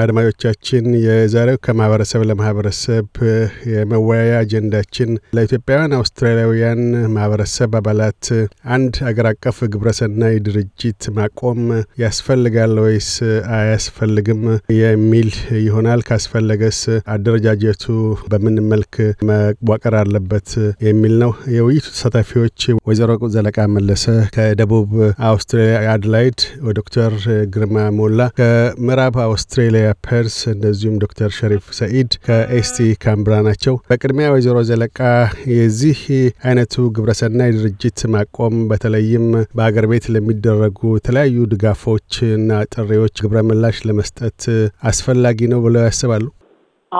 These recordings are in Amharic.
አድማጮቻችን የዛሬው ከማህበረሰብ ለማህበረሰብ የመወያያ አጀንዳችን ለኢትዮጵያውያን አውስትራሊያውያን ማህበረሰብ አባላት አንድ አገር አቀፍ ግብረሰናይ ድርጅት ማቆም ያስፈልጋል ወይስ አያስፈልግም የሚል ይሆናል። ካስፈለገስ አደረጃጀቱ በምን መልክ መዋቀር አለበት የሚል ነው። የውይይቱ ተሳታፊዎች ወይዘሮ ዘለቃ መለሰ ከደቡብ አውስትራሊያ አድላይድ፣ ዶክተር ግርማ ሞላ ከምዕራብ አውስትራሊያ ሊዲያ ፐርስ እንደዚሁም ዶክተር ሸሪፍ ሰኢድ ከኤስቲ ካምብራ ናቸው። በቅድሚያ ወይዘሮ ዘለቃ የዚህ አይነቱ ግብረሰናይ ድርጅት ማቆም በተለይም በአገር ቤት ለሚደረጉ የተለያዩ ድጋፎች እና ጥሪዎች ግብረ ምላሽ ለመስጠት አስፈላጊ ነው ብለው ያስባሉ?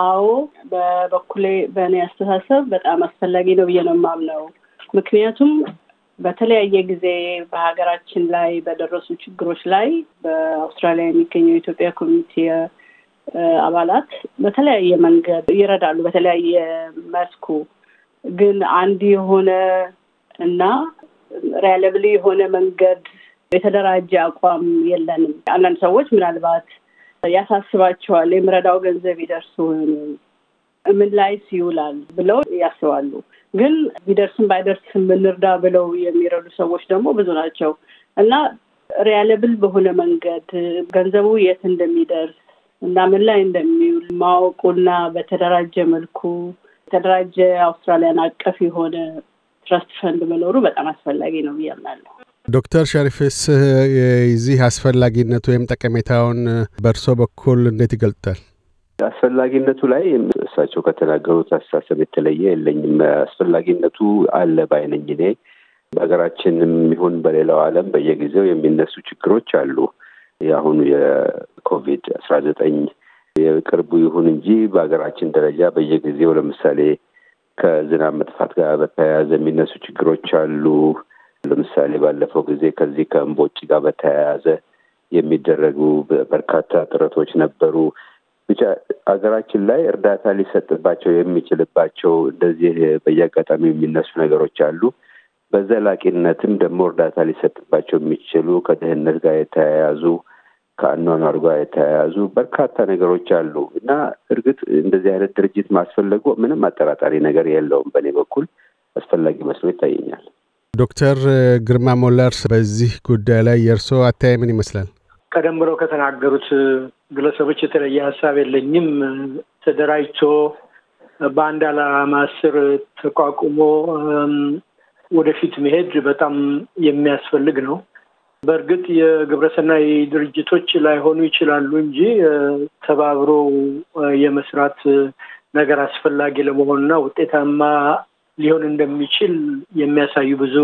አዎ፣ በበኩሌ በእኔ አስተሳሰብ በጣም አስፈላጊ ነው ብዬ ነው የማምነው። ምክንያቱም በተለያየ ጊዜ በሀገራችን ላይ በደረሱ ችግሮች ላይ በአውስትራሊያ የሚገኘው የኢትዮጵያ ኮሚኒቲ አባላት በተለያየ መንገድ ይረዳሉ፣ በተለያየ መስኩ ግን አንድ የሆነ እና ሪያለብሊ የሆነ መንገድ የተደራጀ አቋም የለንም። አንዳንድ ሰዎች ምናልባት ያሳስባቸዋል የምረዳው ገንዘብ ይደርስ ምን ላይ ይውላል ብለው ያስባሉ። ግን ቢደርስም ባይደርስም እንርዳ ብለው የሚረዱ ሰዎች ደግሞ ብዙ ናቸው እና ሪያለብል በሆነ መንገድ ገንዘቡ የት እንደሚደርስ እና ምን ላይ እንደሚውል ማወቁና በተደራጀ መልኩ የተደራጀ አውስትራሊያን አቀፍ የሆነ ትረስት ፈንድ መኖሩ በጣም አስፈላጊ ነው ብዬ አምናለሁ። ዶክተር ሸሪፍስ የዚህ አስፈላጊነት ወይም ጠቀሜታውን በእርሶ በኩል እንዴት ይገልጣል? አስፈላጊነቱ ላይ እሳቸው ከተናገሩት አስተሳሰብ የተለየ የለኝም። አስፈላጊነቱ አለ ባይነኝ እኔ በሀገራችንም ይሁን በሌላው ዓለም በየጊዜው የሚነሱ ችግሮች አሉ። የአሁኑ የኮቪድ አስራ ዘጠኝ የቅርቡ ይሁን እንጂ በሀገራችን ደረጃ በየጊዜው ለምሳሌ ከዝናብ መጥፋት ጋር በተያያዘ የሚነሱ ችግሮች አሉ። ለምሳሌ ባለፈው ጊዜ ከዚህ ከእምቦጭ ጋር በተያያዘ የሚደረጉ በርካታ ጥረቶች ነበሩ። ብቻ ሀገራችን ላይ እርዳታ ሊሰጥባቸው የሚችልባቸው እንደዚህ በየአጋጣሚ የሚነሱ ነገሮች አሉ። በዘላቂነትም ደግሞ እርዳታ ሊሰጥባቸው የሚችሉ ከድህነት ጋር የተያያዙ ከአኗኗር ጋር የተያያዙ በርካታ ነገሮች አሉ እና እርግጥ እንደዚህ አይነት ድርጅት ማስፈለጉ ምንም አጠራጣሪ ነገር የለውም። በእኔ በኩል አስፈላጊ መስሎ ይታየኛል። ዶክተር ግርማ ሞላርስ በዚህ ጉዳይ ላይ የእርስዎ አተያይ ምን ይመስላል? ቀደም ብለው ከተናገሩት ግለሰቦች የተለየ ሀሳብ የለኝም። ተደራጅቶ በአንድ አላማ ስር ተቋቁሞ ወደፊት መሄድ በጣም የሚያስፈልግ ነው። በእርግጥ የግብረሰናይ ድርጅቶች ላይሆኑ ይችላሉ እንጂ ተባብሮ የመስራት ነገር አስፈላጊ ለመሆንና ውጤታማ ሊሆን እንደሚችል የሚያሳዩ ብዙ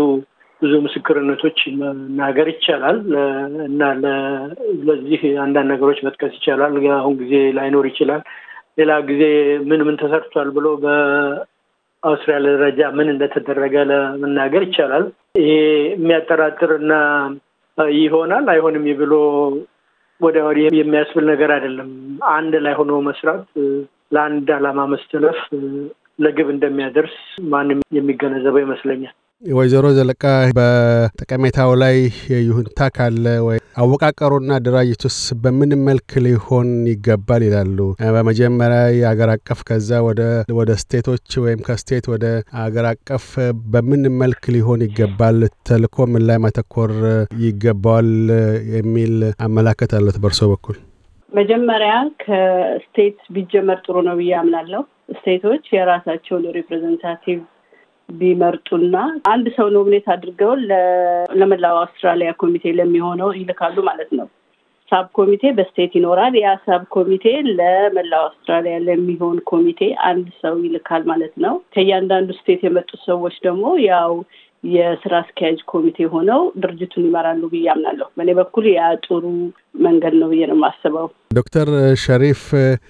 ብዙ ምስክርነቶች መናገር ይቻላል እና ለዚህ አንዳንድ ነገሮች መጥቀስ ይቻላል። አሁን ጊዜ ላይኖር ይችላል። ሌላ ጊዜ ምን ምን ተሰርቷል ብሎ በአውስትራሊያ ደረጃ ምን እንደተደረገ ለመናገር ይቻላል። ይሄ የሚያጠራጥር እና ይሆናል አይሆንም ብሎ ወደ ወዲህ የሚያስብል ነገር አይደለም። አንድ ላይ ሆኖ መስራት፣ ለአንድ ዓላማ መስተለፍ ለግብ እንደሚያደርስ ማንም የሚገነዘበው ይመስለኛል። ወይዘሮ ዘለቃ በጠቀሜታው ላይ ይሁንታ ካለ ወይ አወቃቀሩና ድራጅቱስ በምን መልክ ሊሆን ይገባል ይላሉ? በመጀመሪያ የአገር አቀፍ ከዛ ወደ ስቴቶች ወይም ከስቴት ወደ አገር አቀፍ በምን መልክ ሊሆን ይገባል? ተልእኮ ምን ላይ ማተኮር ይገባዋል የሚል አመላከት አለት በእርሶ በኩል? መጀመሪያ ከስቴት ቢጀመር ጥሩ ነው ብዬ አምናለሁ። ስቴቶች የራሳቸውን ሪፕሬዘንታቲቭ ቢመርጡና አንድ ሰው ኖሚኔት አድርገው ለመላው አውስትራሊያ ኮሚቴ ለሚሆነው ይልካሉ ማለት ነው። ሳብ ኮሚቴ በስቴት ይኖራል። ያ ሳብ ኮሚቴ ለመላው አውስትራሊያ ለሚሆን ኮሚቴ አንድ ሰው ይልካል ማለት ነው። ከእያንዳንዱ ስቴት የመጡት ሰዎች ደግሞ ያው የስራ አስኪያጅ ኮሚቴ ሆነው ድርጅቱን ይመራሉ ብዬ አምናለሁ። በእኔ በኩል ያ ጥሩ መንገድ ነው ብዬ ነው የማስበው። ዶክተር ሸሪፍ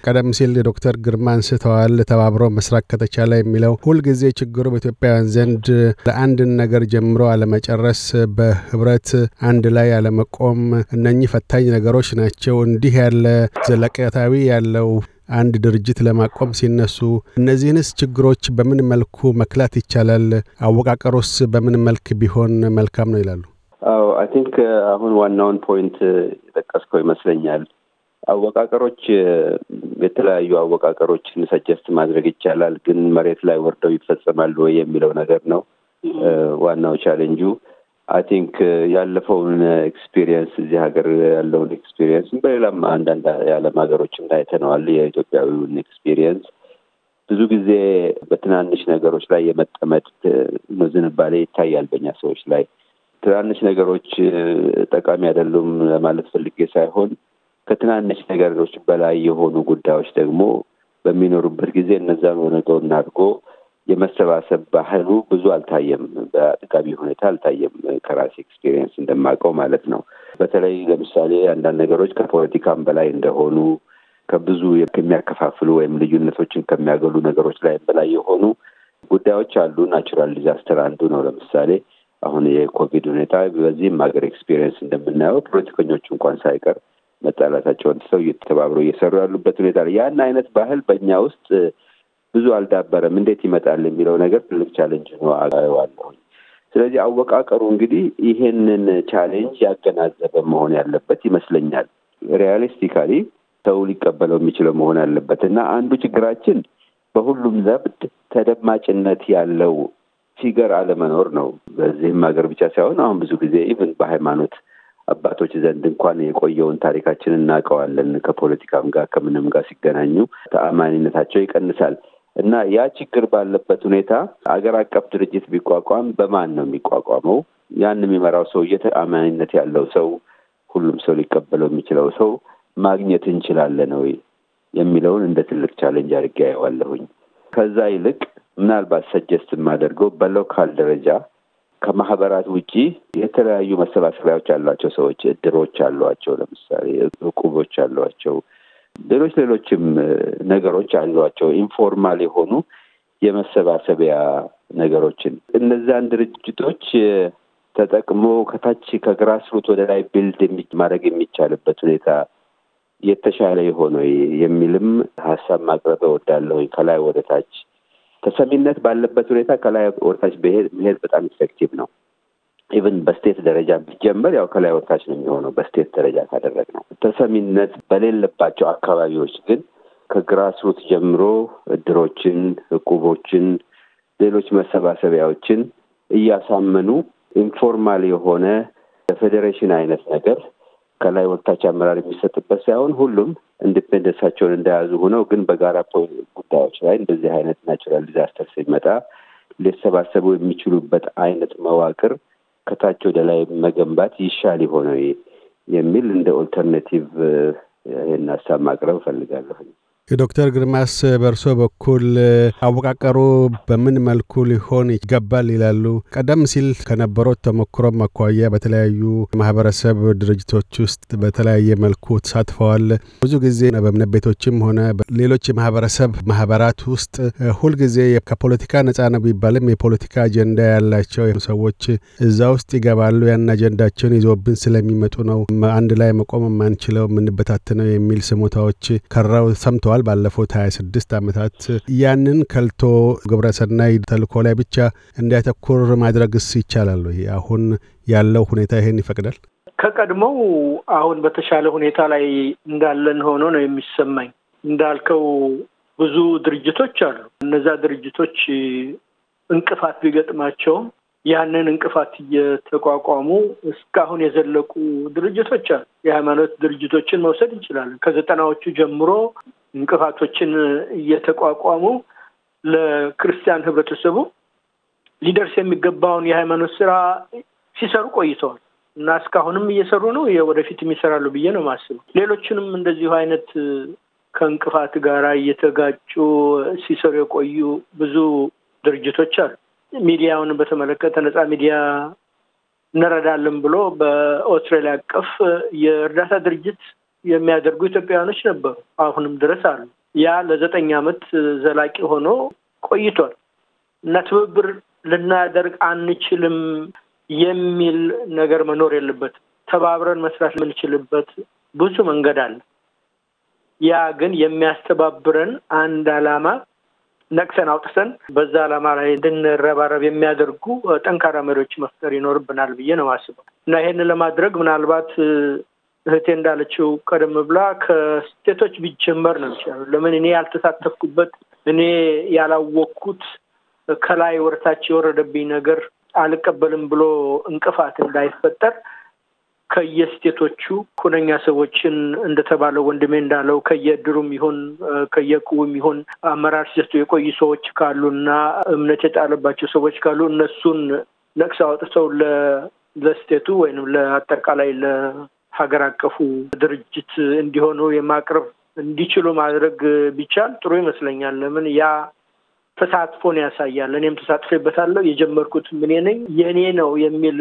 ቀደም ሲል ዶክተር ግርማ አንስተዋል። ተባብሮ መስራት ከተቻለ የሚለው ሁልጊዜ ችግሩ በኢትዮጵያውያን ዘንድ ለአንድን ነገር ጀምሮ አለመጨረስ፣ በህብረት አንድ ላይ አለመቆም፣ እነኚህ ፈታኝ ነገሮች ናቸው። እንዲህ ያለ ዘለቀታዊ ያለው አንድ ድርጅት ለማቆም ሲነሱ እነዚህንስ ችግሮች በምን መልኩ መክላት ይቻላል? አወቃቀሩስ በምን መልክ ቢሆን መልካም ነው ይላሉ? አዎ አይ ቲንክ uh, አሁን ዋናውን ፖይንት uh, የጠቀስከው ይመስለኛል። አወቃቀሮች uh, የተለያዩ አወቃቀሮችን ሰጀስት ማድረግ ይቻላል፣ ግን መሬት ላይ ወርደው ይፈጸማሉ ወይ የሚለው ነገር ነው ዋናው ቻሌንጁ። አይ ቲንክ uh, ያለፈውን ኤክስፒሪየንስ uh, እዚህ ሀገር ያለውን ኤክስፒሪየንስ በሌላም አንዳንድ የዓለም ሀገሮችም ላይ የኢትዮጵያዊውን ኤክስፒሪየንስ ብዙ ጊዜ በትናንሽ ነገሮች ላይ የመጠመድ uh, ዝንባሌ ይታያል በኛ ሰዎች ላይ። ትናንሽ ነገሮች ጠቃሚ አይደሉም ለማለት ፈልጌ ሳይሆን ከትናንሽ ነገሮች በላይ የሆኑ ጉዳዮች ደግሞ በሚኖሩበት ጊዜ እነዛን ሆነገው እናድርጎ የመሰባሰብ ባህሉ ብዙ አልታየም፣ በአጥጋቢ ሁኔታ አልታየም። ከራሴ ኤክስፒሪየንስ እንደማውቀው ማለት ነው። በተለይ ለምሳሌ አንዳንድ ነገሮች ከፖለቲካም በላይ እንደሆኑ ከብዙ ከሚያከፋፍሉ ወይም ልዩነቶችን ከሚያገሉ ነገሮች ላይ በላይ የሆኑ ጉዳዮች አሉ። ናቹራል ዲዛስተር አንዱ ነው። ለምሳሌ አሁን የኮቪድ ሁኔታ በዚህም ሀገር ኤክስፒሪየንስ እንደምናየው ፖለቲከኞች እንኳን ሳይቀር መጣላታቸውን ትተው እየተባብረው እየሰሩ ያሉበት ሁኔታ ነው። ያን አይነት ባህል በእኛ ውስጥ ብዙ አልዳበረም። እንዴት ይመጣል የሚለው ነገር ትልቅ ቻሌንጅ ነው አየዋለሁኝ። ስለዚህ አወቃቀሩ እንግዲህ ይሄንን ቻሌንጅ ያገናዘበ መሆን ያለበት ይመስለኛል። ሪያሊስቲካሊ ሰው ሊቀበለው የሚችለው መሆን አለበት እና አንዱ ችግራችን በሁሉም ዘብድ ተደማጭነት ያለው ፊገር አለመኖር ነው። በዚህም ሀገር ብቻ ሳይሆን አሁን ብዙ ጊዜ ኢቭን በሃይማኖት አባቶች ዘንድ እንኳን የቆየውን ታሪካችንን እናውቀዋለን። ከፖለቲካም ጋር ከምንም ጋር ሲገናኙ ተአማኒነታቸው ይቀንሳል። እና ያ ችግር ባለበት ሁኔታ አገር አቀፍ ድርጅት ቢቋቋም በማን ነው የሚቋቋመው? ያን የሚመራው ሰው ተአማኒነት ያለው ሰው፣ ሁሉም ሰው ሊቀበለው የሚችለው ሰው ማግኘት እንችላለን ወይ የሚለውን እንደ ትልቅ ቻለንጅ አድርጌ አየዋለሁኝ። ከዛ ይልቅ ምናልባት ሰጀስት የማደርገው በሎካል ደረጃ ከማህበራት ውጪ የተለያዩ መሰባሰቢያዎች ያሏቸው ሰዎች እድሮች አሏቸው፣ ለምሳሌ እቁቦች አሏቸው ሌሎች ሌሎችም ነገሮች አሏቸው። ኢንፎርማል የሆኑ የመሰባሰቢያ ነገሮችን እነዛን ድርጅቶች ተጠቅሞ ከታች ከግራስሩት ወደ ላይ ቢልድ ማድረግ የሚቻልበት ሁኔታ የተሻለ የሆነ የሚልም ሀሳብ ማቅረብ እወዳለሁኝ። ከላይ ወደ ታች ተሰሚነት ባለበት ሁኔታ ከላይ ወደ ታች መሄድ በጣም ኢፌክቲቭ ነው። ኢቨን በስቴት ደረጃ ቢጀመር ያው ከላይ ወታች ነው የሚሆነው። በስቴት ደረጃ ካደረግ ነው ተሰሚነት በሌለባቸው አካባቢዎች ግን ከግራስሩት ጀምሮ እድሮችን፣ እቁቦችን፣ ሌሎች መሰባሰቢያዎችን እያሳመኑ ኢንፎርማል የሆነ የፌዴሬሽን አይነት ነገር ከላይ ወታች አመራር የሚሰጥበት ሳይሆን ሁሉም ኢንዲፔንደንሳቸውን እንደያዙ ሆነው ግን በጋራ ጉዳዮች ላይ እንደዚህ አይነት ናቸራል ዲዛስተር ሲመጣ ሊሰባሰቡ የሚችሉበት አይነት መዋቅር ከታች ወደ ላይ መገንባት ይሻል ይሆነ የሚል እንደ ኦልተርኔቲቭ ይህን ሀሳብ ማቅረብ እፈልጋለሁ። ዶክተር ግርማስ በእርሶ በኩል አወቃቀሩ በምን መልኩ ሊሆን ይገባል ይላሉ? ቀደም ሲል ከነበሩት ተሞክሮም አኳያ በተለያዩ ማህበረሰብ ድርጅቶች ውስጥ በተለያየ መልኩ ተሳትፈዋል። ብዙ ጊዜ በእምነት ቤቶችም ሆነ ሌሎች የማህበረሰብ ማህበራት ውስጥ ሁልጊዜ ከፖለቲካ ነጻ ነው ቢባልም የፖለቲካ አጀንዳ ያላቸው ሰዎች እዛ ውስጥ ይገባሉ። ያን አጀንዳቸውን ይዞብን ስለሚመጡ ነው አንድ ላይ መቆም የማንችለው የምንበታትነው የሚል ስሞታዎች ከራው ሰምተዋል። ተገኝተዋል። ባለፉት 26 ዓመታት። ያንን ከልቶ ግብረሰናይ ተልእኮ ላይ ብቻ እንዲያተኩር ማድረግስ ይቻላል? አሁን ያለው ሁኔታ ይሄን ይፈቅዳል? ከቀድሞው አሁን በተሻለ ሁኔታ ላይ እንዳለን ሆኖ ነው የሚሰማኝ። እንዳልከው ብዙ ድርጅቶች አሉ። እነዛ ድርጅቶች እንቅፋት ቢገጥማቸውም ያንን እንቅፋት እየተቋቋሙ እስካሁን የዘለቁ ድርጅቶች አሉ። የሃይማኖት ድርጅቶችን መውሰድ እንችላለን። ከዘጠናዎቹ ጀምሮ እንቅፋቶችን እየተቋቋሙ ለክርስቲያን ህብረተሰቡ ሊደርስ የሚገባውን የሃይማኖት ስራ ሲሰሩ ቆይተዋል እና እስካሁንም እየሰሩ ነው። ወደፊትም ይሰራሉ ብዬ ነው የማስበው። ሌሎችንም እንደዚሁ አይነት ከእንቅፋት ጋር እየተጋጩ ሲሰሩ የቆዩ ብዙ ድርጅቶች አሉ። ሚዲያውን በተመለከተ ነፃ ሚዲያ እንረዳለን ብሎ በኦስትራሊያ አቀፍ የእርዳታ ድርጅት የሚያደርጉ ኢትዮጵያውያኖች ነበሩ። አሁንም ድረስ አሉ። ያ ለዘጠኝ ዓመት ዘላቂ ሆኖ ቆይቷል እና ትብብር ልናደርግ አንችልም የሚል ነገር መኖር የለበትም። ተባብረን መስራት የምንችልበት ብዙ መንገድ አለ። ያ ግን የሚያስተባብረን አንድ ዓላማ ነቅሰን አውጥተን በዛ ዓላማ ላይ እንድንረባረብ የሚያደርጉ ጠንካራ መሪዎች መፍጠር ይኖርብናል ብዬ ነው የማስበው እና ይህን ለማድረግ ምናልባት እህቴ እንዳለችው ቀደም ብላ ከስቴቶች ቢጀመር ነው ይችላሉ። ለምን እኔ ያልተሳተፍኩበት እኔ ያላወቅኩት ከላይ ወደታች የወረደብኝ ነገር አልቀበልም ብሎ እንቅፋት እንዳይፈጠር ከየስቴቶቹ ሁነኛ ሰዎችን እንደተባለው ወንድሜ እንዳለው ከየእድሩም ይሁን ከየዕቁቡም ይሁን አመራር ሲሰጡ የቆዩ ሰዎች ካሉ እና እምነት የጣለባቸው ሰዎች ካሉ እነሱን ነቅስ አውጥተው ለስቴቱ ወይም ለአጠቃላይ ሀገር አቀፉ ድርጅት እንዲሆኑ የማቅረብ እንዲችሉ ማድረግ ቢቻል ጥሩ ይመስለኛል። ለምን ያ ተሳትፎን ያሳያል። እኔም ተሳትፌበታለሁ። የጀመርኩት እኔ ነኝ የእኔ ነው የሚል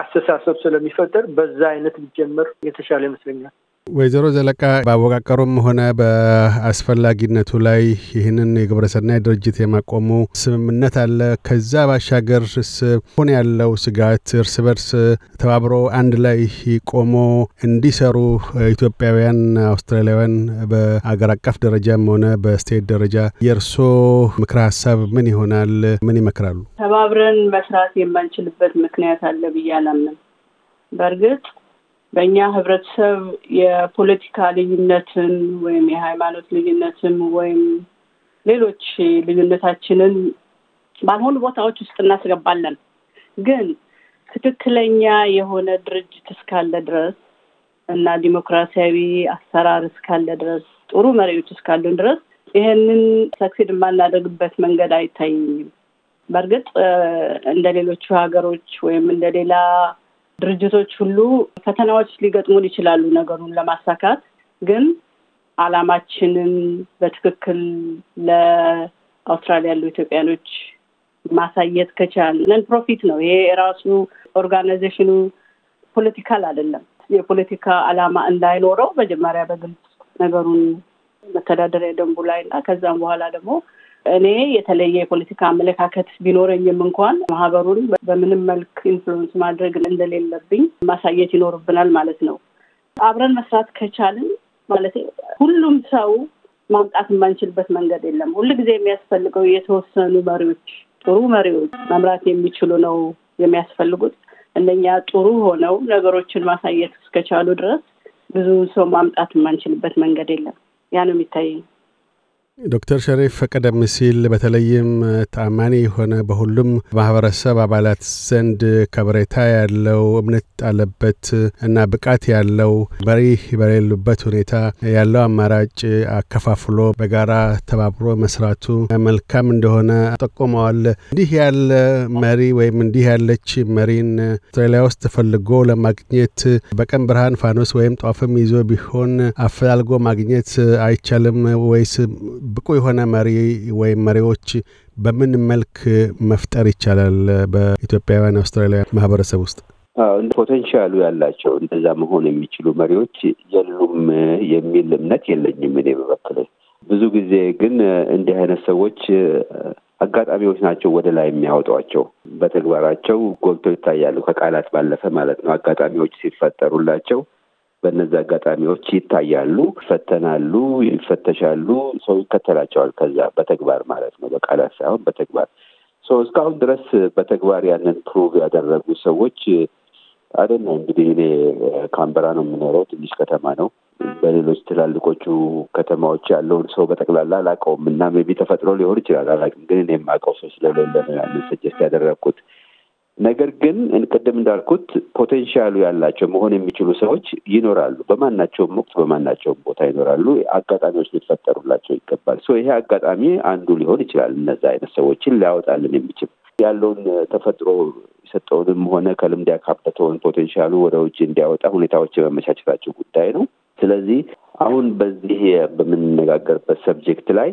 አስተሳሰብ ስለሚፈጠር በዛ አይነት ቢጀመር የተሻለ ይመስለኛል። ወይዘሮ ዘለቃ በአወቃቀሩም ሆነ በአስፈላጊነቱ ላይ ይህንን የግብረሰናይ ድርጅት የማቆሙ ስምምነት አለ። ከዛ ባሻገር ስሆን ያለው ስጋት እርስ በርስ ተባብሮ አንድ ላይ ቆሞ እንዲሰሩ ኢትዮጵያውያን፣ አውስትራሊያውያን በአገር አቀፍ ደረጃም ሆነ በስቴት ደረጃ የእርሶ ምክረ ሀሳብ ምን ይሆናል? ምን ይመክራሉ? ተባብረን መስራት የማንችልበት ምክንያት አለ ብዬ አላምንም። በእርግጥ በእኛ ህብረተሰብ የፖለቲካ ልዩነትን ወይም የሃይማኖት ልዩነትን ወይም ሌሎች ልዩነታችንን ባልሆኑ ቦታዎች ውስጥ እናስገባለን። ግን ትክክለኛ የሆነ ድርጅት እስካለ ድረስ እና ዲሞክራሲያዊ አሰራር እስካለ ድረስ ጥሩ መሪዎች እስካሉን ድረስ ይህንን ሰክሲድ የማናደርግበት መንገድ አይታየኝም። በእርግጥ እንደ ሌሎቹ ሀገሮች ወይም እንደ ሌላ ድርጅቶች ሁሉ ፈተናዎች ሊገጥሙን ይችላሉ። ነገሩን ለማሳካት ግን አላማችንን በትክክል ለአውስትራሊያ ያሉ ኢትዮጵያኖች ማሳየት ከቻል ነን ፕሮፊት ነው። ይሄ የራሱ ኦርጋናይዜሽኑ ፖለቲካል አይደለም። የፖለቲካ አላማ እንዳይኖረው መጀመሪያ በግልጽ ነገሩን መተዳደሪያ ደንቡ ላይ እና ከዛም በኋላ ደግሞ እኔ የተለየ የፖለቲካ አመለካከት ቢኖረኝም እንኳን ማህበሩን በምንም መልክ ኢንፍሉዌንስ ማድረግ እንደሌለብኝ ማሳየት ይኖርብናል ማለት ነው። አብረን መስራት ከቻልን ማለት ሁሉም ሰው ማምጣት የማንችልበት መንገድ የለም። ሁልጊዜ የሚያስፈልገው የተወሰኑ መሪዎች፣ ጥሩ መሪዎች መምራት የሚችሉ ነው የሚያስፈልጉት። እነኛ ጥሩ ሆነው ነገሮችን ማሳየት እስከቻሉ ድረስ ብዙ ሰው ማምጣት የማንችልበት መንገድ የለም። ያ ነው የሚታየኝ። ዶክተር ሸሪፍ ቀደም ሲል በተለይም ተአማኒ የሆነ በሁሉም ማህበረሰብ አባላት ዘንድ ከበሬታ ያለው እምነት ጣለበት እና ብቃት ያለው በሪ በሌሉበት ሁኔታ ያለው አማራጭ አከፋፍሎ በጋራ ተባብሮ መስራቱ መልካም እንደሆነ ጠቁመዋል። እንዲህ ያለ መሪ ወይም እንዲህ ያለች መሪን አውስትራሊያ ውስጥ ተፈልጎ ለማግኘት በቀን ብርሃን ፋኖስ ወይም ጧፍም ይዞ ቢሆን አፈላልጎ ማግኘት አይቻልም ወይስ ብቁ የሆነ መሪ ወይም መሪዎች በምን መልክ መፍጠር ይቻላል በኢትዮጵያውያን አውስትራሊያ ማህበረሰብ ውስጥ? ፖቴንሻሉ ያላቸው እንደዛ መሆን የሚችሉ መሪዎች የሉም የሚል እምነት የለኝም እኔ በበኩሌ። ብዙ ጊዜ ግን እንዲህ አይነት ሰዎች አጋጣሚዎች ናቸው ወደ ላይ የሚያወጧቸው። በተግባራቸው ጎልቶ ይታያሉ፣ ከቃላት ባለፈ ማለት ነው። አጋጣሚዎች ሲፈጠሩላቸው በነዚ አጋጣሚዎች ይታያሉ፣ ይፈተናሉ፣ ይፈተሻሉ። ሰው ይከተላቸዋል። ከዛ በተግባር ማለት ነው፣ በቃላት ሳይሆን በተግባር እስካሁን ድረስ በተግባር ያንን ፕሩቭ ያደረጉ ሰዎች አይደል ነው። እንግዲህ እኔ ካምበራ ነው የምኖረው፣ ትንሽ ከተማ ነው። በሌሎች ትላልቆቹ ከተማዎች ያለውን ሰው በጠቅላላ አላውቀውም እና ቢ ተፈጥሮ ሊሆን ይችላል አላውቅም፣ ግን እኔ የማውቀው ሰው ስለሌለ ነው ያንን ስጀስት ያደረግኩት። ነገር ግን ቅድም እንዳልኩት ፖቴንሻሉ ያላቸው መሆን የሚችሉ ሰዎች ይኖራሉ። በማናቸውም ወቅት በማናቸውም ቦታ ይኖራሉ። አጋጣሚዎች ሊፈጠሩላቸው ይገባል። ሶ ይሄ አጋጣሚ አንዱ ሊሆን ይችላል። እነዛ አይነት ሰዎችን ሊያወጣልን የሚችል ያለውን ተፈጥሮ የሰጠውንም ሆነ ከልምድ ያካበተውን ፖቴንሻሉ ወደ ውጭ እንዲያወጣ ሁኔታዎች የመመቻቸታቸው ጉዳይ ነው። ስለዚህ አሁን በዚህ በምንነጋገርበት ሰብጀክት ላይ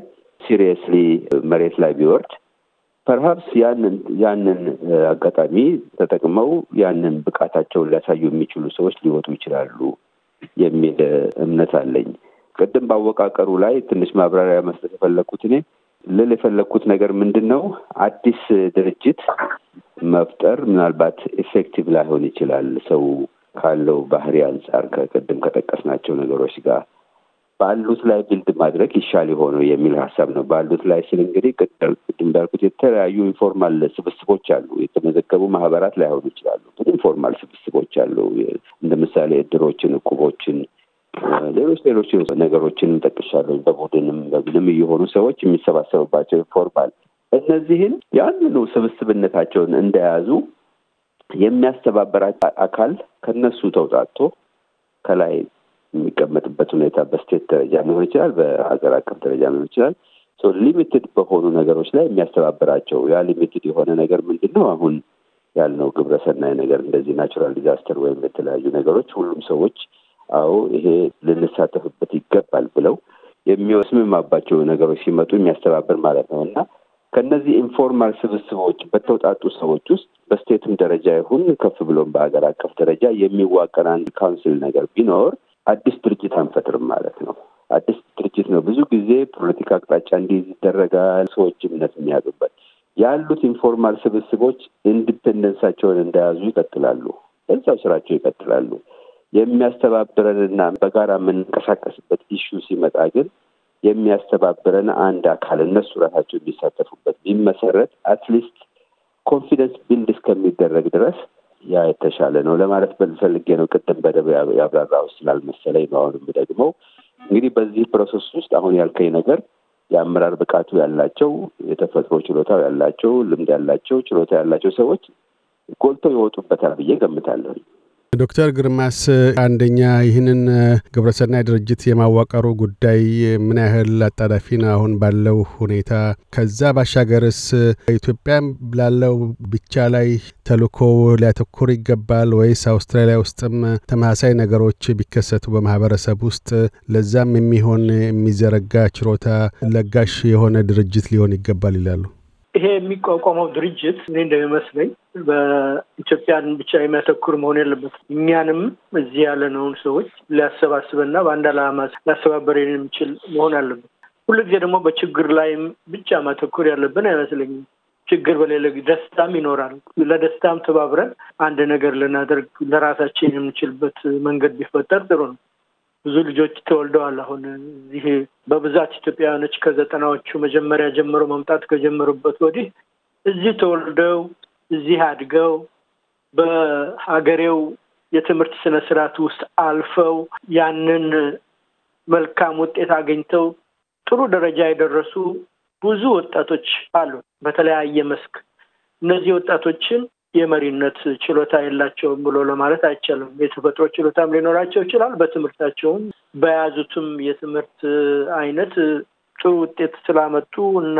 ሲሪየስሊ መሬት ላይ ቢወርድ ፐርሃፕስ ያንን ያንን አጋጣሚ ተጠቅመው ያንን ብቃታቸውን ሊያሳዩ የሚችሉ ሰዎች ሊወጡ ይችላሉ የሚል እምነት አለኝ። ቅድም በአወቃቀሩ ላይ ትንሽ ማብራሪያ መስጠት የፈለግኩት እኔ ልል የፈለግኩት ነገር ምንድን ነው፣ አዲስ ድርጅት መፍጠር ምናልባት ኢፌክቲቭ ላይሆን ይችላል ሰው ካለው ባህሪ አንጻር ከቅድም ከጠቀስናቸው ነገሮች ጋር ባሉት ላይ ቢልድ ማድረግ ይሻል የሆነው የሚል ሀሳብ ነው። ባሉት ላይ ስል እንግዲህ ቅድም እንዳልኩት የተለያዩ ኢንፎርማል ስብስቦች አሉ። የተመዘገቡ ማህበራት ላይሆኑ ይችላሉ፣ ግን ኢንፎርማል ስብስቦች አሉ። እንደ ምሳሌ እድሮችን፣ እቁቦችን፣ ሌሎች ሌሎች ነገሮችን ጠቅሻለሁ። በቡድንም በምንም እየሆኑ ሰዎች የሚሰባሰቡባቸው ኢንፎርማል እነዚህን ያንኑ ስብስብነታቸውን እንደያዙ የሚያስተባበራቸው አካል ከነሱ ተውጣቶ ከላይ የሚቀመጥበት ሁኔታ በስቴት ደረጃ ሊሆን ይችላል፣ በሀገር አቀፍ ደረጃ ሊሆን ይችላል። ሊሚትድ በሆኑ ነገሮች ላይ የሚያስተባብራቸው ያ ሊሚትድ የሆነ ነገር ምንድን ነው? አሁን ያልነው ግብረሰናይ ነገር እንደዚህ ናቹራል ዲዛስተር ወይም የተለያዩ ነገሮች ሁሉም ሰዎች አዎ ይሄ ልንሳተፍበት ይገባል ብለው የሚወስምማባቸው ነገሮች ሲመጡ የሚያስተባብር ማለት ነው እና ከእነዚህ ኢንፎርማል ስብስቦች በተውጣጡ ሰዎች ውስጥ በስቴትም ደረጃ ይሁን ከፍ ብሎም በሀገር አቀፍ ደረጃ የሚዋቀር አንድ ካውንስል ነገር ቢኖር አዲስ ድርጅት አንፈጥርም ማለት ነው። አዲስ ድርጅት ነው። ብዙ ጊዜ ፖለቲካ አቅጣጫ እንዲይዝ ይደረጋል። ሰዎች እምነት የሚያጡበት ያሉት ኢንፎርማል ስብስቦች ኢንዲፔንደንሳቸውን እንደያዙ ይቀጥላሉ። እዛው ስራቸው ይቀጥላሉ። የሚያስተባብረንና በጋራ የምንንቀሳቀስበት ኢሹ ሲመጣ ግን የሚያስተባብረን አንድ አካል እነሱ ራሳቸው የሚሳተፉበት ቢመሰረት አትሊስት ኮንፊደንስ ቢልድ እስከሚደረግ ድረስ ያ የተሻለ ነው ለማለት ፈልጌ ነው። ቅድም በደብ ያብራራ ስላልመሰለኝ ነው። አሁንም ደግሞ እንግዲህ በዚህ ፕሮሰስ ውስጥ አሁን ያልከኝ ነገር የአመራር ብቃቱ ያላቸው የተፈጥሮ ችሎታው ያላቸው ልምድ ያላቸው ችሎታ ያላቸው ሰዎች ጎልተው ይወጡበታል ብዬ ገምታለሁ። ዶክተር ግርማስ አንደኛ ይህንን ግብረሰናይ ድርጅት የማዋቀሩ ጉዳይ ምን ያህል አጣዳፊ ነው አሁን ባለው ሁኔታ? ከዛ ባሻገርስ ኢትዮጵያ ላለው ብቻ ላይ ተልእኮ ሊያተኩር ይገባል ወይስ አውስትራሊያ ውስጥም ተመሳሳይ ነገሮች ቢከሰቱ በማህበረሰብ ውስጥ ለዛም የሚሆን የሚዘረጋ ችሮታ ለጋሽ የሆነ ድርጅት ሊሆን ይገባል ይላሉ? ይሄ የሚቋቋመው ድርጅት እኔ እንደሚመስለኝ በኢትዮጵያን ብቻ የሚያተኩር መሆን የለበት። እኛንም እዚህ ያለነውን ሰዎች ሊያሰባስበና በአንድ አላማ ሊያሰባበር የሚችል መሆን አለበት። ሁልጊዜ ደግሞ በችግር ላይም ብቻ ማተኩር ያለብን አይመስለኝም። ችግር በሌለ ደስታም ይኖራል። ለደስታም ተባብረን አንድ ነገር ልናደርግ ለራሳችን የምንችልበት መንገድ ቢፈጠር ጥሩ ነው። ብዙ ልጆች ተወልደዋል። አሁን እዚህ በብዛት ኢትዮጵያውያኖች ከዘጠናዎቹ መጀመሪያ ጀምሮ መምጣት ከጀመሩበት ወዲህ እዚህ ተወልደው እዚህ አድገው በሀገሬው የትምህርት ስነ ስርዓት ውስጥ አልፈው ያንን መልካም ውጤት አግኝተው ጥሩ ደረጃ የደረሱ ብዙ ወጣቶች አሉ በተለያየ መስክ። እነዚህ ወጣቶችን የመሪነት ችሎታ የላቸውም ብሎ ለማለት አይቻልም። የተፈጥሮ ችሎታም ሊኖራቸው ይችላል። በትምህርታቸውም በያዙትም የትምህርት አይነት ጥሩ ውጤት ስላመጡ እና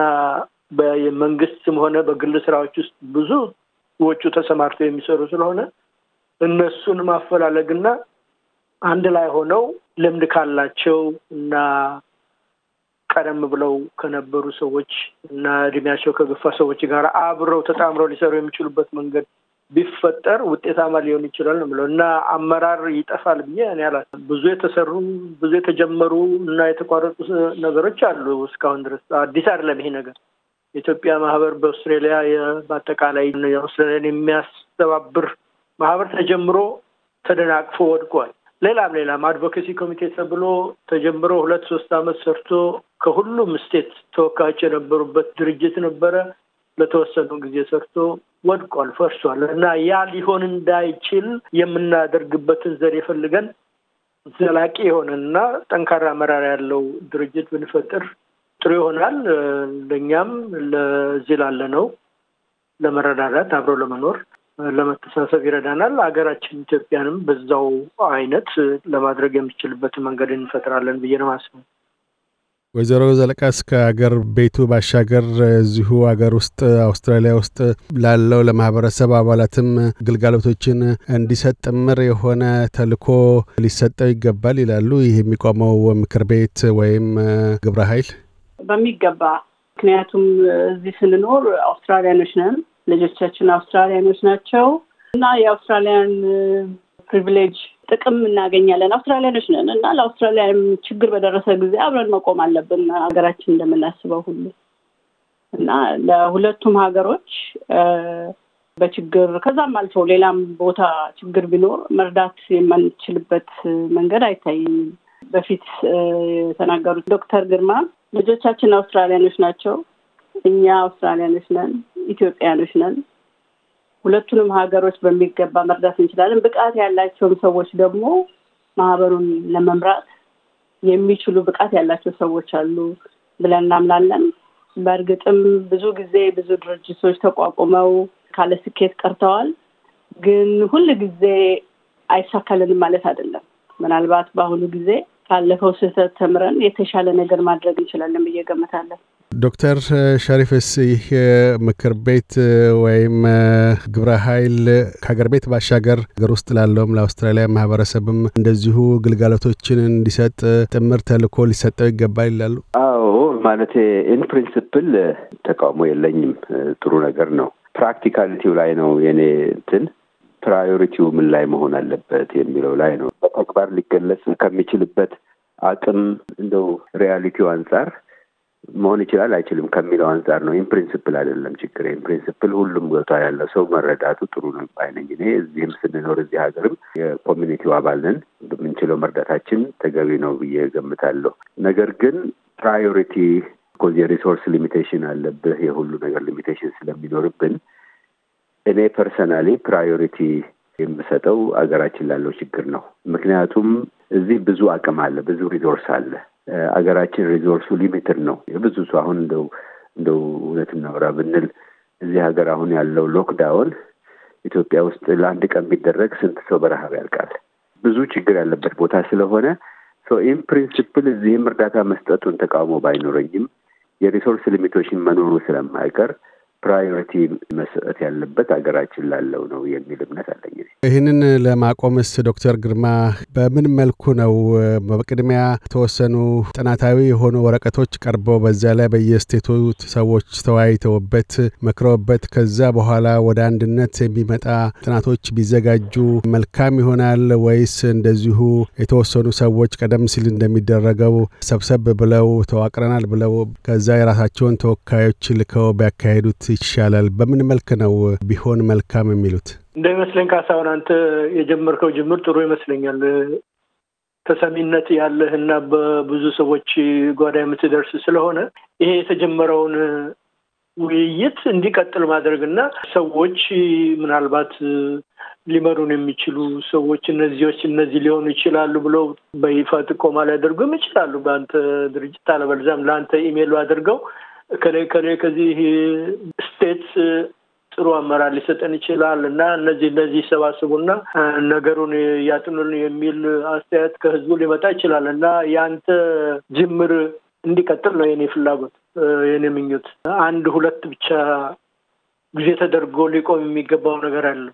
በመንግስትም ሆነ በግል ስራዎች ውስጥ ብዙ ወጩ ተሰማርተው የሚሰሩ ስለሆነ እነሱን ማፈላለግና አንድ ላይ ሆነው ልምድ ካላቸው እና ቀደም ብለው ከነበሩ ሰዎች እና እድሜያቸው ከገፋ ሰዎች ጋር አብረው ተጣምረው ሊሰሩ የሚችሉበት መንገድ ቢፈጠር ውጤታማ ሊሆን ይችላል ነው ብለው እና አመራር ይጠፋል ብዬ እኔ አላስብም። ብዙ የተሰሩ ብዙ የተጀመሩ እና የተቋረጡ ነገሮች አሉ እስካሁን ድረስ አዲስ አይደለም ይሄ ነገር። የኢትዮጵያ ማህበር በአውስትሬሊያ በአጠቃላይ የአውስትራሊያን የሚያስተባብር ማህበር ተጀምሮ ተደናቅፎ ወድቋል። ሌላም ሌላም አድቮኬሲ ኮሚቴ ተብሎ ተጀምሮ ሁለት ሶስት አመት ሰርቶ ከሁሉም ስቴት ተወካዮች የነበሩበት ድርጅት ነበረ። ለተወሰኑ ጊዜ ሰርቶ ወድቋል፣ ፈርሷል እና ያ ሊሆን እንዳይችል የምናደርግበትን ዘዴ ፈልገን ዘላቂ የሆነና ጠንካራ መራር ያለው ድርጅት ብንፈጥር ጥሩ ይሆናል። ለእኛም ለዚህ ላለ ነው ለመረዳዳት አብሮ ለመኖር ለመተሳሰብ ይረዳናል። ሀገራችን ኢትዮጵያንም በዛው አይነት ለማድረግ የምትችልበትን መንገድ እንፈጥራለን ብዬ ነው ማስበው። ወይዘሮ ዘለቃ እስከ ቤቱ ባሻገር እዚሁ ሀገር ውስጥ አውስትራሊያ ውስጥ ላለው ለማህበረሰብ አባላትም ግልጋሎቶችን እንዲሰጥ ጥምር የሆነ ተልኮ ሊሰጠው ይገባል ይላሉ። ይህ የሚቆመው ምክር ቤት ወይም ግብረ ኃይል በሚገባ ምክንያቱም እዚህ ስንኖር አውስትራሊያኖች ነን። ልጆቻችን አውስትራሊያኖች ናቸው እና የአውስትራሊያን ፕሪቪሌጅ ጥቅም እናገኛለን። አውስትራሊያኖች ነን እና ለአውስትራሊያን ችግር በደረሰ ጊዜ አብረን መቆም አለብን፣ ሀገራችን እንደምናስበው ሁሉ እና ለሁለቱም ሀገሮች በችግር ከዛም አልፈው ሌላም ቦታ ችግር ቢኖር መርዳት የማንችልበት መንገድ አይታይም። በፊት የተናገሩት ዶክተር ግርማ ልጆቻችን አውስትራሊያኖች ናቸው፣ እኛ አውስትራሊያኖች ነን ኢትዮጵያኖች ነን። ሁለቱንም ሀገሮች በሚገባ መርዳት እንችላለን። ብቃት ያላቸውም ሰዎች ደግሞ ማህበሩን ለመምራት የሚችሉ ብቃት ያላቸው ሰዎች አሉ ብለን እናምናለን። በእርግጥም ብዙ ጊዜ ብዙ ድርጅቶች ተቋቁመው ካለ ስኬት ቀርተዋል። ግን ሁል ጊዜ አይሳካልንም ማለት አይደለም። ምናልባት በአሁኑ ጊዜ ካለፈው ስህተት ተምረን የተሻለ ነገር ማድረግ እንችላለን ብዬ ገምታለን። ዶክተር ሸሪፍስ ይህ ምክር ቤት ወይም ግብረ ኃይል ከሀገር ቤት ባሻገር ሀገር ውስጥ ላለውም ለአውስትራሊያ ማህበረሰብም እንደዚሁ ግልጋሎቶችን እንዲሰጥ ጥምር ተልእኮ ሊሰጠው ይገባል ይላሉ። አዎ ማለት ኢን ፕሪንስፕል ተቃውሞ የለኝም። ጥሩ ነገር ነው። ፕራክቲካሊቲው ላይ ነው የኔ እንትን ፕራዮሪቲው ምን ላይ መሆን አለበት የሚለው ላይ ነው። በተግባር ሊገለጽ ከሚችልበት አቅም እንደው ሪያሊቲው አንጻር መሆን ይችላል አይችልም ከሚለው አንጻር ነው። ኢንፕሪንስፕል አይደለም ችግር። ኢንፕሪንስፕል ሁሉም ቦታ ያለው ሰው መረዳቱ ጥሩ ነው ባይነኝ። እኔ እዚህም ስንኖር እዚህ ሀገርም የኮሚኒቲው አባል ነን፣ በምንችለው መርዳታችን ተገቢ ነው ብዬ ገምታለሁ። ነገር ግን ፕራዮሪቲ ኮዝ የሪሶርስ ሊሚቴሽን አለብህ፣ የሁሉ ነገር ሊሚቴሽን ስለሚኖርብን እኔ ፐርሰናሊ ፕራዮሪቲ የምሰጠው አገራችን ላለው ችግር ነው። ምክንያቱም እዚህ ብዙ አቅም አለ፣ ብዙ ሪሶርስ አለ አገራችን ሪዞርሱ ሊሚትድ ነው። የብዙ ሰው አሁን እንደው እንደው እውነት እናውራ ብንል እዚህ ሀገር አሁን ያለው ሎክዳውን ኢትዮጵያ ውስጥ ለአንድ ቀን ቢደረግ ስንት ሰው በረሃብ ያልቃል? ብዙ ችግር ያለበት ቦታ ስለሆነ ኢን ፕሪንሲፕል እዚህም እርዳታ መስጠቱን ተቃውሞ ባይኖረኝም የሪሶርስ ሊሚቴሽን መኖሩ ስለማይቀር ፕራዮሪቲ መስጠት ያለበት ሀገራችን ላለው ነው የሚል እምነት አለኝ። ይህንን ለማቆምስ ዶክተር ግርማ በምን መልኩ ነው በቅድሚያ የተወሰኑ ጥናታዊ የሆኑ ወረቀቶች ቀርበው በዛ ላይ በየስቴቱ ሰዎች ተወያይተውበት መክረውበት ከዛ በኋላ ወደ አንድነት የሚመጣ ጥናቶች ቢዘጋጁ መልካም ይሆናል ወይስ እንደዚሁ የተወሰኑ ሰዎች ቀደም ሲል እንደሚደረገው ሰብሰብ ብለው ተዋቅረናል ብለው ከዛ የራሳቸውን ተወካዮች ልከው ቢያካሄዱት ይቻላል? በምን መልክ ነው ቢሆን መልካም የሚሉት? እንደሚመስለኝ ካሳሁን አንተ የጀመርከው ጅምር ጥሩ ይመስለኛል። ተሰሚነት ያለህ እና በብዙ ሰዎች ጓዳ የምትደርስ ስለሆነ ይሄ የተጀመረውን ውይይት እንዲቀጥል ማድረግ እና ሰዎች ምናልባት ሊመሩን የሚችሉ ሰዎች እነዚዎች እነዚህ ሊሆኑ ይችላሉ ብለው በይፋ ጥቆማ ሊያደርጉም ይችላሉ። በአንተ ድርጅት አለበለዚያም ለአንተ ኢሜይል አድርገው ከላይ ከላይ ከዚህ ስቴትስ ጥሩ አመራር ሊሰጠን ይችላል እና እነዚህ እነዚህ ሰባስቡና ነገሩን ያጥኑን የሚል አስተያየት ከህዝቡ ሊመጣ ይችላል እና የአንተ ጅምር እንዲቀጥል ነው የኔ ፍላጎት፣ የኔ ምኞት። አንድ ሁለት ብቻ ጊዜ ተደርጎ ሊቆም የሚገባው ነገር አለ።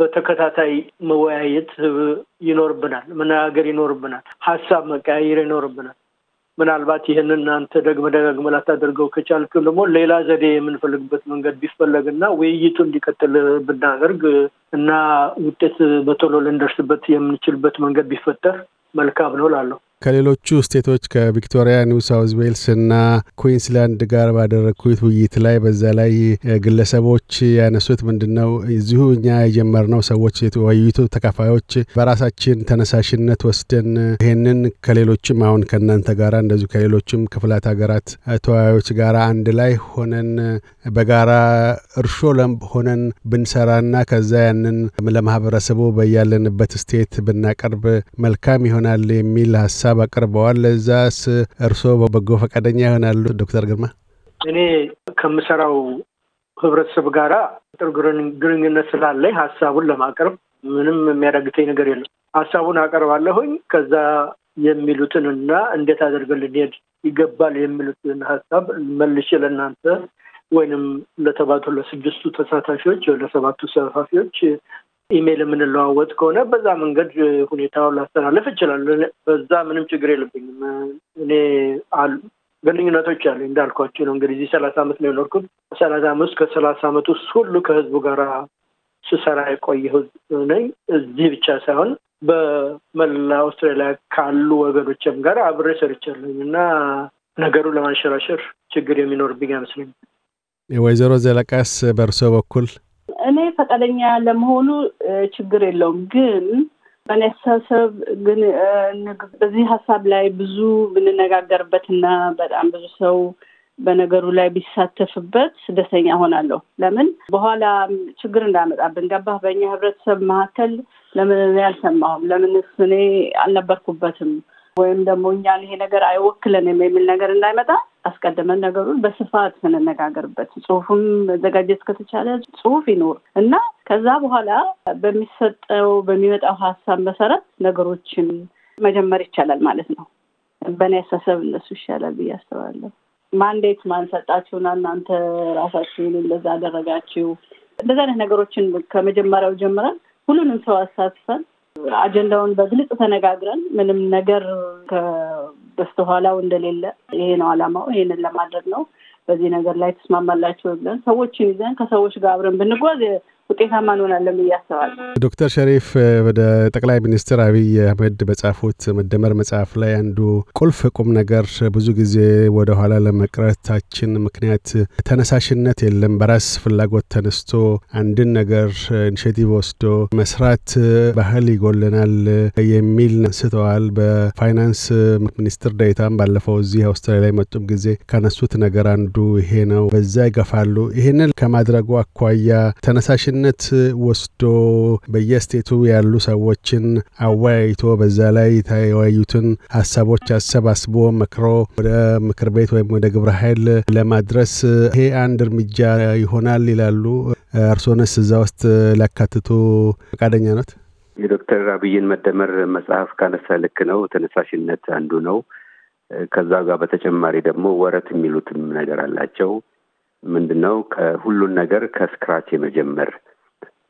በተከታታይ መወያየት ይኖርብናል፣ መነጋገር ይኖርብናል፣ ሀሳብ መቀያየር ይኖርብናል። ምናልባት ይህን እናንተ ደግመ ደጋግመ ላታደርገው ከቻልክ ደግሞ ሌላ ዘዴ የምንፈልግበት መንገድ ቢፈለግ እና ውይይቱ እንዲቀጥል ብናደርግ እና ውጤት በቶሎ ልንደርስበት የምንችልበት መንገድ ቢፈጠር መልካም ነው ላለሁ ከሌሎቹ ስቴቶች ከቪክቶሪያ፣ ኒው ሳውዝ ዌልስ እና ኩዊንስላንድ ጋር ባደረግኩት ውይይት ላይ በዛ ላይ ግለሰቦች ያነሱት ምንድን ነው እዚሁ እኛ የጀመርነው ሰዎች ውይይቱ ተካፋዮች በራሳችን ተነሳሽነት ወስደን ይሄንን ከሌሎችም አሁን ከእናንተ ጋራ እንደዚሁ ከሌሎችም ክፍላት ሀገራት ተወያዮች ጋራ አንድ ላይ ሆነን በጋራ እርሾ ሆነን ብንሰራና ከዛ ያንን ለማህበረሰቡ በያለንበት ስቴት ብናቀርብ መልካም ይሆናል የሚል ሀሳብ ሀሳብ አቅርበዋል። ለዛስ እርስዎ በጎ ፈቃደኛ ይሆናሉ? ዶክተር ግርማ እኔ ከምሰራው ህብረተሰብ ጋራ ጥሩ ግንኙነት ስላለኝ ሀሳቡን ለማቅረብ ምንም የሚያዳግተኝ ነገር የለም። ሀሳቡን አቀርባለሁኝ። ከዛ የሚሉትን እና እንዴት አድርገን ልንሄድ ይገባል የሚሉትን ሀሳብ መልሼ ለእናንተ ወይንም ለተባቱ ለስድስቱ ተሳታፊዎች ለሰባቱ ሰፋፊዎች ኢሜይል የምንለዋወጥ ከሆነ በዛ መንገድ ሁኔታውን ላስተላለፍ እችላለሁ። በዛ ምንም ችግር የለብኝም። እኔ አሉ ግንኙነቶች አሉ እንዳልኳቸው ነው። እንግዲህ እዚህ ሰላሳ አመት ነው የኖርኩት። ሰላሳ አመት ከሰላሳ አመት ውስጥ ሁሉ ከህዝቡ ጋር ስሰራ የቆየ ህዝብ ነኝ። እዚህ ብቻ ሳይሆን በመላ አውስትራሊያ ካሉ ወገኖችም ጋር አብሬ ሰርቻለኝ እና ነገሩ ለማንሸራሸር ችግር የሚኖርብኝ አይመስለኝም። ወይዘሮ ዘለቃስ በእርሶ በኩል ፈቃደኛ ለመሆኑ ችግር የለውም ግን በእኔ አስተሳሰብ ግን በዚህ ሀሳብ ላይ ብዙ ብንነጋገርበትና በጣም ብዙ ሰው በነገሩ ላይ ቢሳተፍበት ደስተኛ ሆናለሁ። ለምን በኋላ ችግር እንዳመጣብን ገባህ? በእኛ ህብረተሰብ መካከል ለምን እኔ አልሰማሁም? ለምንስ እኔ አልነበርኩበትም? ወይም ደግሞ እኛን ይሄ ነገር አይወክለንም የሚል ነገር እንዳይመጣ አስቀድመን ነገሩን በስፋት ስንነጋገርበት ጽሁፍም መዘጋጀት ከተቻለ ጽሁፍ ይኖር እና ከዛ በኋላ በሚሰጠው በሚመጣው ሀሳብ መሰረት ነገሮችን መጀመር ይቻላል ማለት ነው። በእኔ አሳሰብ እነሱ ይሻላል ብዬ አስባለሁ። ማንዴት ማንሰጣችሁና እናንተ ራሳችሁን እንደዛ አደረጋችሁ እንደዚህ አይነት ነገሮችን ከመጀመሪያው ጀምረን ሁሉንም ሰው አሳትፈን አጀንዳውን በግልጽ ተነጋግረን ምንም ነገር ከበስተኋላው እንደሌለ ይሄ ነው አላማው፣ ይሄንን ለማድረግ ነው፣ በዚህ ነገር ላይ ተስማማላችሁ ብለን ሰዎችን ይዘን ከሰዎች ጋር አብረን ብንጓዝ ውጤታማ እንሆናለን ብዬ አስባለሁ። ዶክተር ሸሪፍ ወደ ጠቅላይ ሚኒስትር አብይ አህመድ በጻፉት መደመር መጽሐፍ ላይ አንዱ ቁልፍ ቁም ነገር ብዙ ጊዜ ወደኋላ ለመቅረታችን ምክንያት ተነሳሽነት የለም። በራስ ፍላጎት ተነስቶ አንድን ነገር ኢኒሽቲቭ ወስዶ መስራት ባህል ይጎልናል የሚል አንስተዋል። በፋይናንስ ሚኒስትር ዴኤታም ባለፈው እዚህ አውስትራሊያ የመጡም ጊዜ ከነሱት ነገር አንዱ ይሄ ነው። በዛ ይገፋሉ። ይህንን ከማድረጉ አኳያ ተነሳሽነት ኃላፊነት ወስዶ በየስቴቱ ያሉ ሰዎችን አወያይቶ በዛ ላይ የተወያዩትን ሀሳቦች አሰባስቦ መክሮ ወደ ምክር ቤት ወይም ወደ ግብረ ኃይል ለማድረስ ይሄ አንድ እርምጃ ይሆናል ይላሉ። እርስዎንስ እዛ ውስጥ ሊያካትቱ ፈቃደኛ ነት? የዶክተር አብይን መደመር መጽሐፍ ካነሳ ልክ ነው። ተነሳሽነት አንዱ ነው። ከዛ ጋር በተጨማሪ ደግሞ ወረት የሚሉትም ነገር አላቸው። ምንድን ነው ከሁሉን ነገር ከስክራች የመጀመር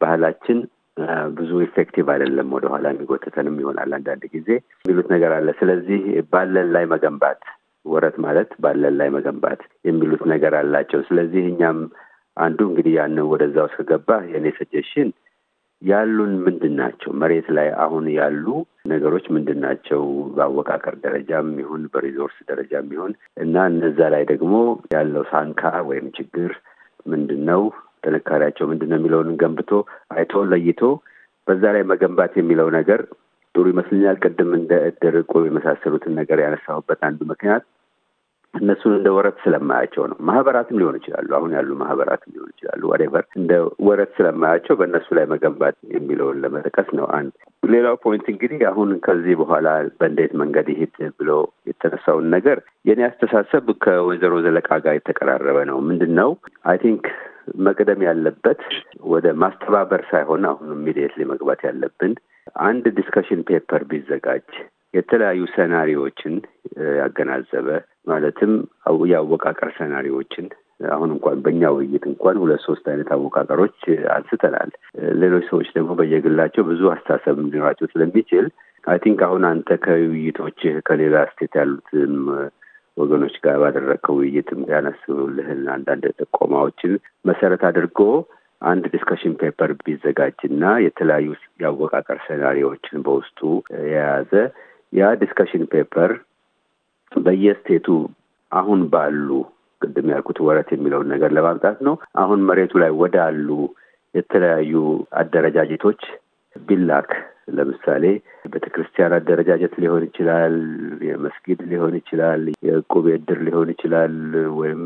ባህላችን ብዙ ኢፌክቲቭ አይደለም። ወደኋላ የሚጎትተንም ይሆናል አንዳንድ ጊዜ የሚሉት ነገር አለ። ስለዚህ ባለን ላይ መገንባት ወረት ማለት ባለን ላይ መገንባት የሚሉት ነገር አላቸው። ስለዚህ እኛም አንዱ እንግዲህ ያንን ወደዛው እስከገባ የእኔ ሰጀሽን ያሉን ምንድን ናቸው? መሬት ላይ አሁን ያሉ ነገሮች ምንድን ናቸው? በአወቃቀር ደረጃም ይሁን በሪዞርስ ደረጃም ይሁን እና እነዛ ላይ ደግሞ ያለው ሳንካ ወይም ችግር ምንድን ነው? ጥንካሬያቸው ምንድን ነው የሚለውን ገንብቶ አይቶ ለይቶ በዛ ላይ መገንባት የሚለው ነገር ጥሩ ይመስለኛል። ቅድም እንደ እድር እቁብ የመሳሰሉትን ነገር ያነሳሁበት አንዱ ምክንያት እነሱን እንደ ወረት ስለማያቸው ነው። ማህበራትም ሊሆኑ ይችላሉ፣ አሁን ያሉ ማህበራትም ሊሆኑ ይችላሉ። ወሬቨር እንደ ወረት ስለማያቸው በእነሱ ላይ መገንባት የሚለውን ለመጥቀስ ነው። አንድ ሌላው ፖይንት እንግዲህ አሁን ከዚህ በኋላ በእንዴት መንገድ ይሄድ ብሎ የተነሳውን ነገር የኔ አስተሳሰብ ከወይዘሮ ዘለቃ ጋር የተቀራረበ ነው። ምንድን ነው አይ ቲንክ መቅደም ያለበት ወደ ማስተባበር ሳይሆን አሁን ኢሚዲየትሊ መግባት ያለብን አንድ ዲስከሽን ፔፐር ቢዘጋጅ የተለያዩ ሰናሪዎችን ያገናዘበ ማለትም የአወቃቀር ሰናሪዎችን አሁን እንኳን በእኛ ውይይት እንኳን ሁለት ሶስት አይነት አወቃቀሮች አንስተናል። ሌሎች ሰዎች ደግሞ በየግላቸው ብዙ አስተሳሰብ እንዲኖራቸው ስለሚችል አይ ቲንክ አሁን አንተ ከውይይቶች ከሌላ ስቴት ያሉትም ወገኖች ጋር ባደረግከው ውይይትም ያነሱልህን አንዳንድ ጥቆማዎችን መሰረት አድርጎ አንድ ዲስከሽን ፔፐር ቢዘጋጅና የተለያዩ የአወቃቀር ሴናሪዎችን በውስጡ የያዘ ያ ዲስከሽን ፔፐር በየስቴቱ አሁን ባሉ ቅድም ያልኩት ወረት የሚለውን ነገር ለማምጣት ነው። አሁን መሬቱ ላይ ወዳሉ የተለያዩ አደረጃጀቶች ቢላክ ለምሳሌ ቤተክርስቲያን አደረጃጀት ሊሆን ይችላል፣ የመስጊድ ሊሆን ይችላል፣ የዕቁብ ሊሆን ይችላል፣ ወይም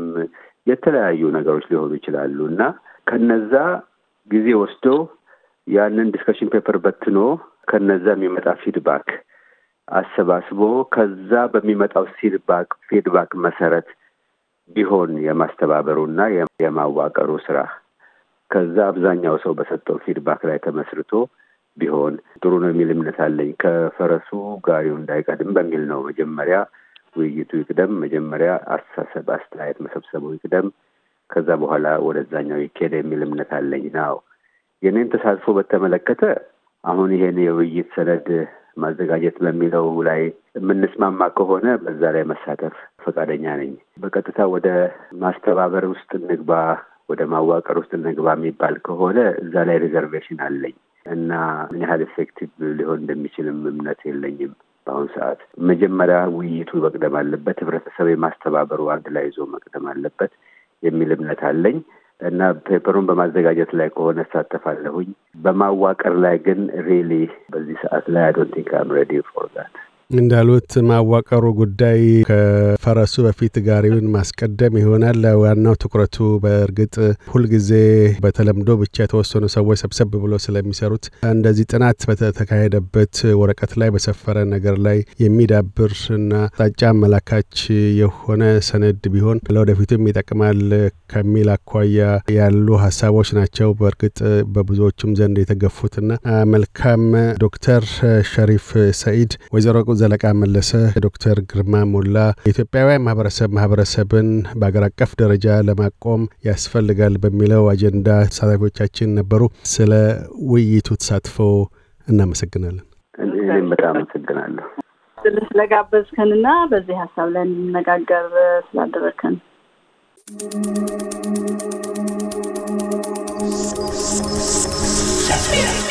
የተለያዩ ነገሮች ሊሆኑ ይችላሉ እና ከነዛ ጊዜ ወስዶ ያንን ዲስከሽን ፔፐር በትኖ ከነዛ የሚመጣ ፊድባክ አሰባስቦ ከዛ በሚመጣው ሲድባክ ፊድባክ መሰረት ቢሆን የማስተባበሩና የማዋቀሩ ስራ ከዛ አብዛኛው ሰው በሰጠው ፊድባክ ላይ ተመስርቶ ቢሆን ጥሩ ነው የሚል እምነት አለኝ። ከፈረሱ ጋሪው እንዳይቀድም በሚል ነው። መጀመሪያ ውይይቱ ይቅደም፣ መጀመሪያ አስተሳሰብ አስተያየት መሰብሰቡ ይቅደም፣ ከዛ በኋላ ወደዛኛው ይኬድ የሚል እምነት አለኝ ናው የኔን ተሳትፎ በተመለከተ አሁን ይሄን የውይይት ሰነድ ማዘጋጀት በሚለው ላይ የምንስማማ ከሆነ በዛ ላይ መሳተፍ ፈቃደኛ ነኝ። በቀጥታ ወደ ማስተባበር ውስጥ እንግባ፣ ወደ ማዋቀር ውስጥ እንግባ የሚባል ከሆነ እዛ ላይ ሪዘርቬሽን አለኝ እና ምን ያህል ኤፌክቲቭ ሊሆን እንደሚችልም እምነት የለኝም። በአሁኑ ሰዓት መጀመሪያ ውይይቱ መቅደም አለበት፣ ህብረተሰብ የማስተባበሩ አንድ ላይ ይዞ መቅደም አለበት የሚል እምነት አለኝ። እና ፔፐሩን በማዘጋጀት ላይ ከሆነ እሳተፋለሁኝ። በማዋቀር ላይ ግን ሪሊ በዚህ ሰዓት ላይ አይ ዶንት ቲንክ አም ሬዲ ፎር ዛት እንዳሉት ማዋቀሩ ጉዳይ ከፈረሱ በፊት ጋሪውን ማስቀደም ይሆናል ዋናው ትኩረቱ። በእርግጥ ሁልጊዜ በተለምዶ ብቻ የተወሰኑ ሰዎች ሰብሰብ ብሎ ስለሚሰሩት እንደዚህ ጥናት በተካሄደበት ወረቀት ላይ በሰፈረ ነገር ላይ የሚዳብር እና አቅጣጫ አመላካች የሆነ ሰነድ ቢሆን ለወደፊቱም ይጠቅማል ከሚል አኳያ ያሉ ሀሳቦች ናቸው። በእርግጥ በብዙዎቹም ዘንድ የተገፉትና መልካም ዶክተር ሸሪፍ ሰኢድ ወይዘሮ ዘለቃ መለሰ፣ ዶክተር ግርማ ሞላ የኢትዮጵያውያን ማህበረሰብ ማህበረሰብን በአገር አቀፍ ደረጃ ለማቆም ያስፈልጋል በሚለው አጀንዳ ተሳታፊዎቻችን ነበሩ። ስለ ውይይቱ ተሳትፎ እናመሰግናለን። እኔም በጣም አመሰግናለሁ በዚህ ሀሳብ ላይ እንነጋገር ስላደረከን Yeah.